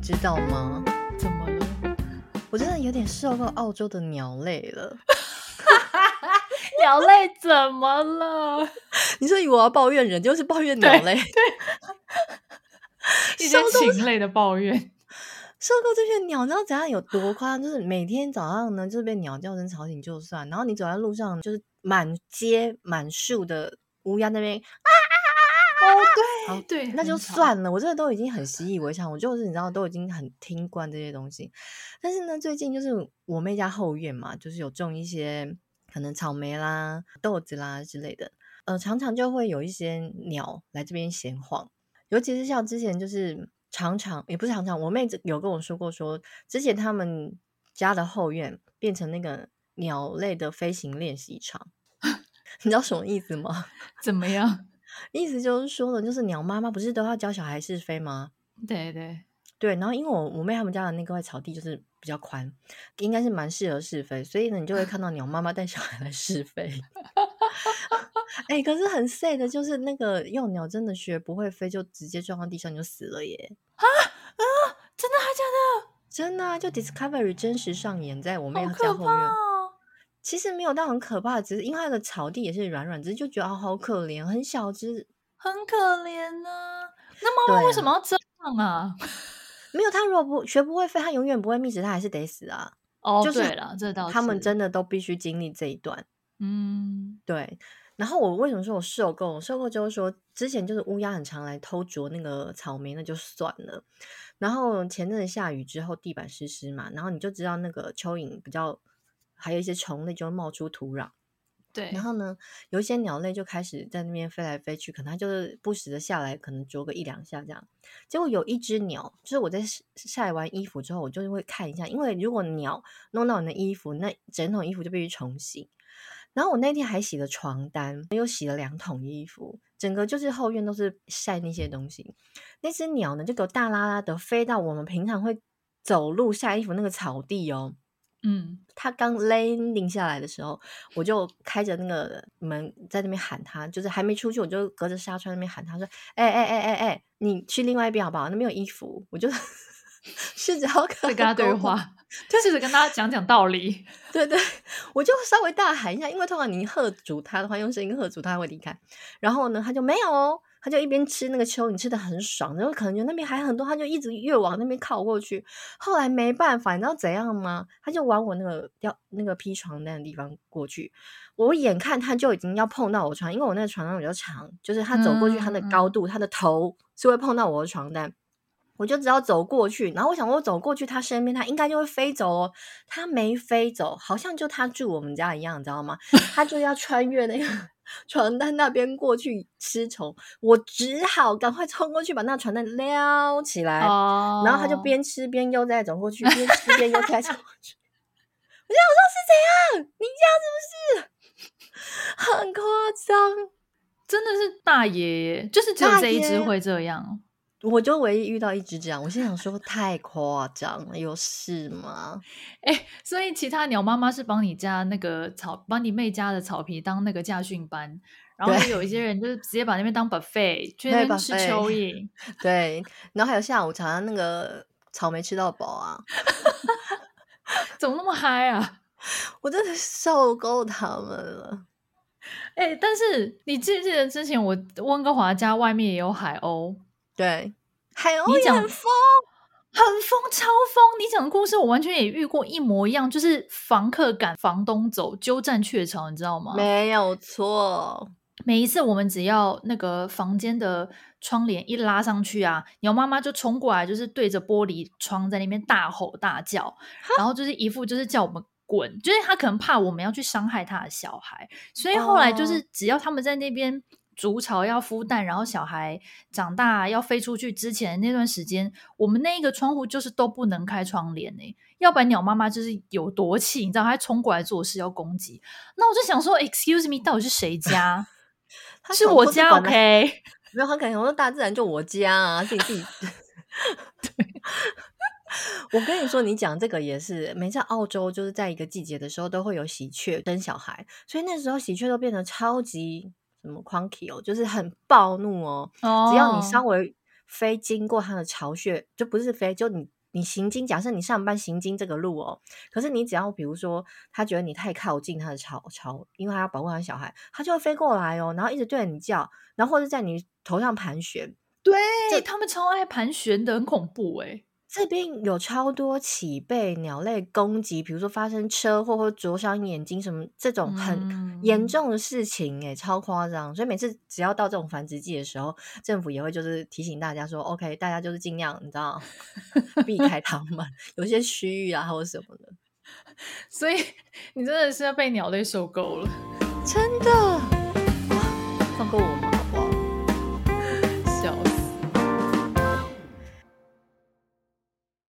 你知道嗎？怎麼了？我真的有點受夠澳洲的鳥類了。 鳥類怎麼了？你說我要抱怨人，就是抱怨鳥類。對，對一些禽類的抱怨。受夠這些鳥，你知道早上有多誇張？就是每天早上呢，就是被鳥叫聲吵醒就算。然後你走在路上，就是滿街滿樹的烏鴉那邊啊。哦，oh，對，對，那就算了。我這個都已經很習以為常，我就是你知道，都已經很聽慣這些東西。但是呢，最近就是我妹家後院嘛，就是有種一些可能草莓啦、豆子啦之類的，呃，常常就會有一些鳥來這邊閒晃。尤其是像之前，就是常常也不是常常，我妹有跟我說過說，說之前他們家的後院變成那個鳥類的飛行練習場， 你知道什麼意思嗎？怎麼樣？意思就是說的，就是鳥媽媽不是都要教小孩試飛嗎？對對對，然後因為我我妹他們家的那塊草地就是比較寬，應該是蠻適合試飛，所以呢，你就會看到鳥媽媽帶小孩來試飛。哎、 欸，可是很 sad 的就是那個幼鳥真的學不會飛，就直接撞到地上就死了耶！啊啊，真的還假的？真的、啊，就 Discovery 真實上演在我妹的家後院。其實沒有到很可怕，只是因為它的草地也是軟軟，只是就覺得好可憐，很小只，很可憐呢、啊。那貓為什麼要這樣啊？啊沒有，它如果不學不會飛，它永遠不會覓食，它還是得死啊。哦、oh,，就是了，這倒是。他們真的都必須經歷這一段。嗯，對。然後我為什麼說我受夠？我受夠就是說，之前就是烏鴉很常來偷啄那個草莓，那就算了。然後前陣子下雨之後，地板濕濕嘛，然後你就知道那個蚯蚓比較。還有一些蟲類就冒出土壤，對，然後呢，有一些鳥類就開始在那邊飛來飛去，可能它就是不時的下來，可能啄個一兩下這樣。結果有一隻鳥，就是我在曬完衣服之後，我就會看一下，因為如果鳥弄到你的衣服，那整桶衣服就必須重洗。然後我那天還洗了床單，又洗了兩桶衣服，整個就是後院都是曬那些東西。那隻鳥呢，就給我大剌剌的飛到我們平常會走路曬衣服那個草地哦。嗯，他剛 landing 下來的時候，我就開着那個門在那邊喊他，就是還沒出去，我就隔着紗窗那邊喊他說：“欸欸欸欸欸，你去另外一邊好不好？那沒有衣服，我就 要是，然後跟他對話，就 是跟他講講道理 對，對對，我就稍微大喊一下，因為通常你喝阻他的話，用聲音喝阻他會離開，然後呢，他就沒有、哦。”他就一邊吃那個蚯蚓，吃得很爽，然後可能就那邊還很多，他就一直越往那邊靠過去。後來沒辦法，你知道怎樣嗎？他就往我那個要那個披床單的地方過去。我眼看他就已經要碰到我床，因為我那個床單比較長，就是他走過去他、嗯，他的高度、嗯，他的頭是會碰到我的床單。我就只要走過去，然後我想我走過去他身邊，他應該就會飛走喔。他沒飛走，好像就他住我們家一樣，你知道嗎？ 他就要穿越那個床單那邊過去吃蟲，我只好趕快衝過去把那個床單撩起來。Oh. 然後他就邊吃邊悠哉走過去，邊吃邊悠哉走過去。我 想我說是怎樣？你家是不是很誇張？真的是大爺，就是只有這一隻會這樣。我就唯一遇到一隻這樣，我心想說太誇張了，有事嗎？誒、欸、所以其他鳥媽媽是幫你家那個草，幫你妹家的草皮當那個駕訓班，然後有一些人就是直接把那邊當 buffet 去那邊吃蚯蚓，對，buffet、 對，然後還有下午茶那個草莓吃到飽啊， 怎麼那麼嗨啊？我真的受夠他們了。誒、欸、但是你記不記得之前我溫哥華家外面也有海鷗？對，海鷗很瘋，很瘋，超瘋！你講的故事我完全也遇過一模一樣，就是房客趕房東走，鳩佔鵲巢，你知道嗎？沒有錯，每一次我們只要那個房間的窗簾一拉上去啊，鳥媽媽就衝過來，就是對着玻璃窗在那邊大吼大叫，然後就是一副就是叫我們滾，就是他可能怕我們要去傷害他的小孩，所以後來就是只要他們在那邊。哦築巢要孵蛋，然後小孩長大要飛出去之前那段時間，我們那一個窗戶就是都不能開窗簾哎、欸，要不然鳥媽媽就是有多氣，你知道，它還衝過來做事要攻擊。那我就想說 ，Excuse me，到底是誰家？ 是我家是，OK？沒有很可能，我說大自然就我家啊， 自己自己。 對笑 我跟你說，你講這個也是，每次澳洲就是在一個季節的時候都會有喜鵲生小孩，所以那時候喜鵲都變得超級。什麼狂 k 哦，就是很暴怒哦。Oh. 只要你稍微飛經過它的巢穴，就不是飛，就你你行經。假設你上班行經這個路哦，可是你只要比如說，他覺得你太靠近他的巢巢，因為他要保護他小孩，他就會飛過來哦，然後一直對着你叫，然後或者在你頭上盤旋。對，他們超愛盤旋的，很恐怖哎、欸。這邊有超多起被鳥類攻擊，比如說發生車禍或灼傷眼睛什麼這種很嚴重的事情，欸，哎、嗯，超誇張。所以每次只要到這種繁殖季的時候，政府也會就是提醒大家說，OK，大家就是盡量你知道避開它們， 有些區域啊，或者什麼的。所以你真的是要被鳥類受夠了，真的。放過我。